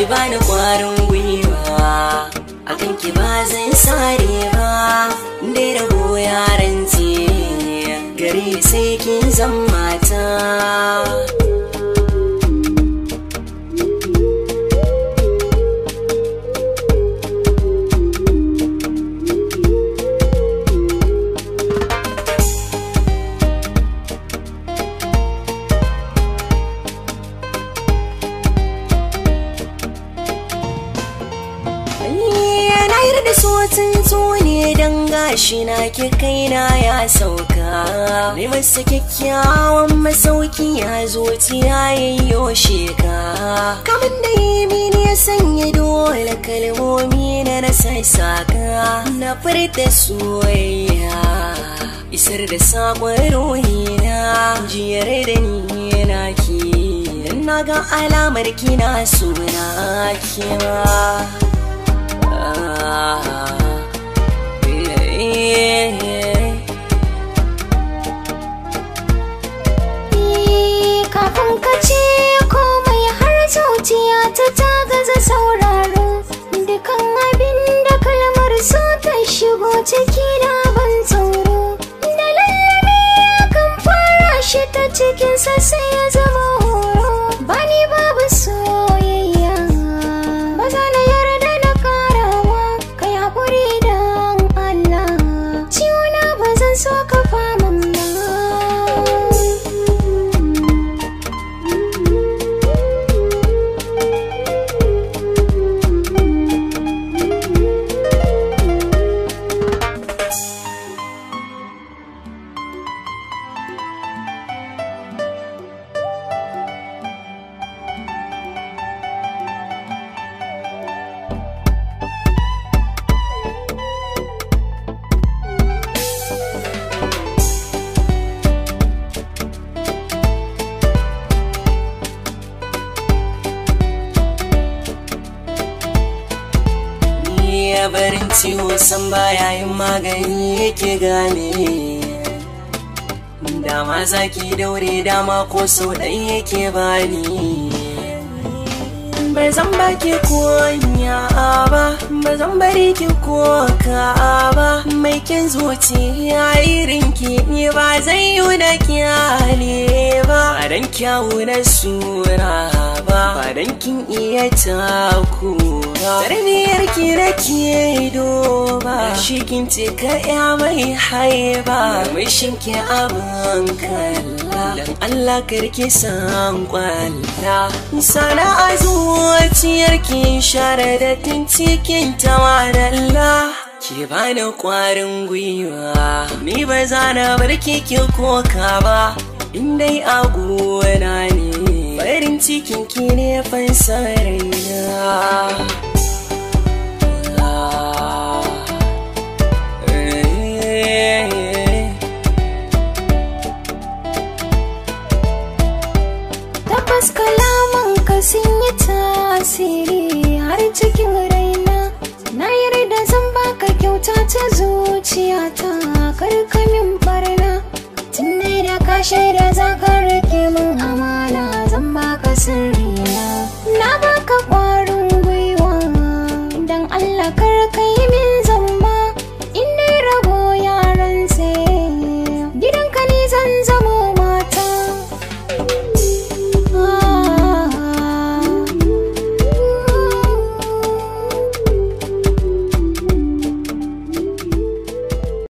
ki bani kwarin gwiwa kan ki ba zan sare ba dai da goyaran ce gari sai kin zama so tsuntsu ne dan gashi na ke kaina ya sauka mai masa kyakkyawan masauki ya zo tiya yayyo sheka kamar da yi ya sanya dole kalmomi na rasa saka na furta soyayya isar da rohi na jiyar da ni yana ki na ga alamar kina suna kima ya barin ciwo san ba yin magani yake gane dama zaki daure dama ko sau ɗan yake bani ba zan ki kunya ba ba zan bari ki koka ba mai kin ya irin ki ni ba zan yi da kyale ba dan kyawu na sura ba dan kin iya takura tarbiyyar ki da ke doba shi kin ce ka ya mai haiba mai shinke abin kalla dan Allah karki san kwalla sana'a zuciyar ki share da cikin Allah ki bani kwarin gwiwa ni ba zana na bar ki koka ba in dai a ne farin cikin ki ne fansa raina siri har cikin raina na yarda zan baka kyauta ta zuci